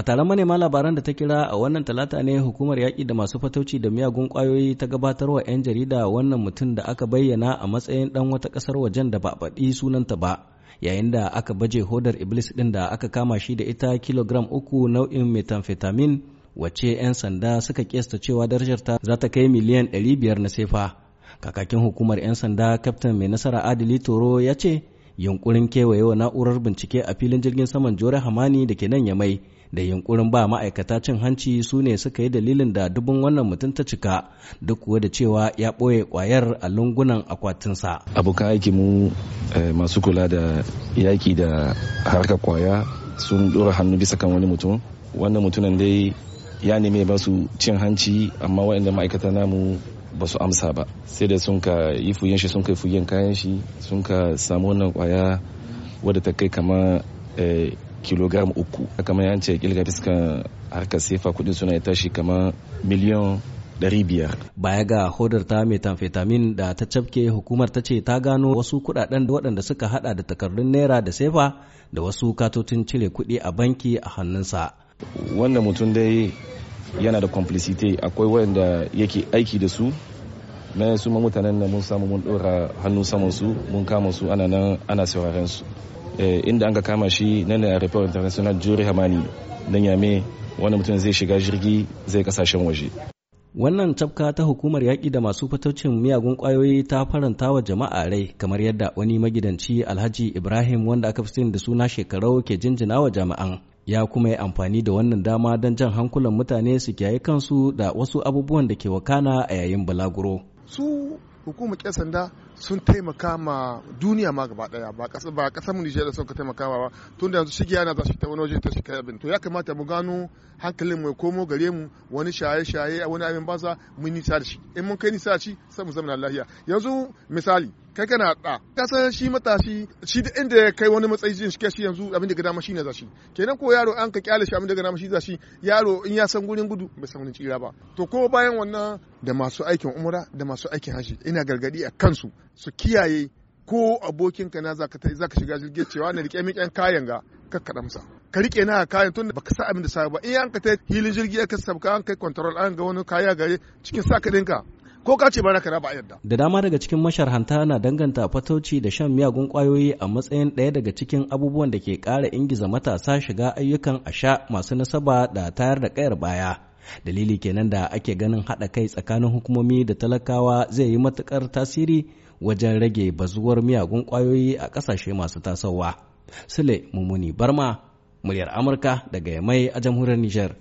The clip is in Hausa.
A taron manema labaran da ta kira a wannan talata ne hukumar yaƙi da masu fatauci da miyagun ƙwayoyi ta gabatar wa 'yan jarida wannan mutum da aka bayyana a matsayin ɗan wata ƙasar wajen da ba baɗi sunanta ba. Yayin da aka baje hodar Iblis ɗin da aka kama shi da ita kilogram uku nau'in methamphetamine wacce 'yan sanda suka kesta cewa darajarta za ta kai miliyan ɗari biyar na sefa. Kakakin hukumar 'yan sanda Kaftin Mai Nasara Adili Toro ya ce yunkurin kewayewa na'urar bincike a filin jirgin saman jore hamani da ke nan yamai da yunkurin ba ma'aikata cin hanci su ne suka yi dalilin da dubin wannan mutum ta cika duk kuwa da cewa ya ɓoye kwayar a lungunan akwatinsa abokan aiki mu eh, masu kula da yaki da harkar kwaya sun dora hannu bisa kan wani mutum wannan mutumin dai ya neme ba su cin hanci amma waɗanda ma'aikata namu ba su amsa ba sai da sun ka yi fuyen shi sun kai fuyen kayan shi sun ka samu wannan kwaya wadda ta kai kama eh, kilogram uku kamar yan ce kilga fiskan harkar sefa kudin suna ya tashi kama miliyan 500 baya ga hodar ta methamphetamine da ta cafke hukumar ta ce ta gano wasu kudaden waɗanda suka hada da takardun naira da sefa da wasu katotin cire kuɗi a banki a hannunsa wannan mutum dai yana da complicity akwai wanda yake aiki da su me su mutanen nan mun samu mun dora hannu saman su mun kama su ana nan ana sauraren su eh, inda an ka kama shi na ne a report international jury hamani na yame wani mutum zai shiga jirgi zai kasashen waje wannan tafka ta hukumar yaƙi da masu fataucin miyagun ƙwayoyi ta faranta wa jama'a rai kamar yadda wani magidanci alhaji ibrahim wanda aka fi da suna shekarau ke jinjina wa jama'an ya kuma yi amfani da wannan dama don jan hankulan mutane su kiyaye kansu da wasu abubuwan da ke wakana a yayin balaguro su hukumar ƙyan sanda sun taimaka ma duniya ma gaba daya ba ƙasar ba ƙasar mu Nijar sun ka taimaka ba tunda yanzu shige yana za shi ta wani waje ta shi abin to ya kamata mu gano hankalin mu komo gare mu wani shaye shaye wani abin ba sa mun nisa da shi in mun kai nisa da shi sai mu zama lafiya yanzu misali kai kana da ka san shi matashi shi da inda ya kai wani matsayi jin shike shi yanzu abin da ga dama shine zashi kenan ko yaro an ka kyale shi abin da ga dama shi zashi yaro in ya san gurin gudu bai san wani tsira ba to ko bayan wannan da masu aikin umra da masu aikin haji ina gargadi a kansu su kiyaye ko abokin ka na zaka zaka shiga jirgin cewa na rike miƙen kayan ga kakkaɗa masa ka rike na kayan tun baka sa abin da sa ba in an ka ta hilin jirgi ka sabka an kai control an ga wani kaya gare cikin sa ka dinka ko ka ce mana na ba a da dama daga cikin masharhanta na danganta fatauci da shan miyagun kwayoyi a matsayin ɗaya daga cikin abubuwan da ke ƙara ingiza matasa shiga ayyukan asha masu nasaba da tayar da ƙayar baya dalili kenan da ake ganin haɗa kai tsakanin hukumomi da talakawa zai yi matuƙar tasiri wajen rage bazuwar miyagun kwayoyi a ƙasashe masu tasowa sule mummuni barma muryar amurka daga yamai a jamhuriyar niger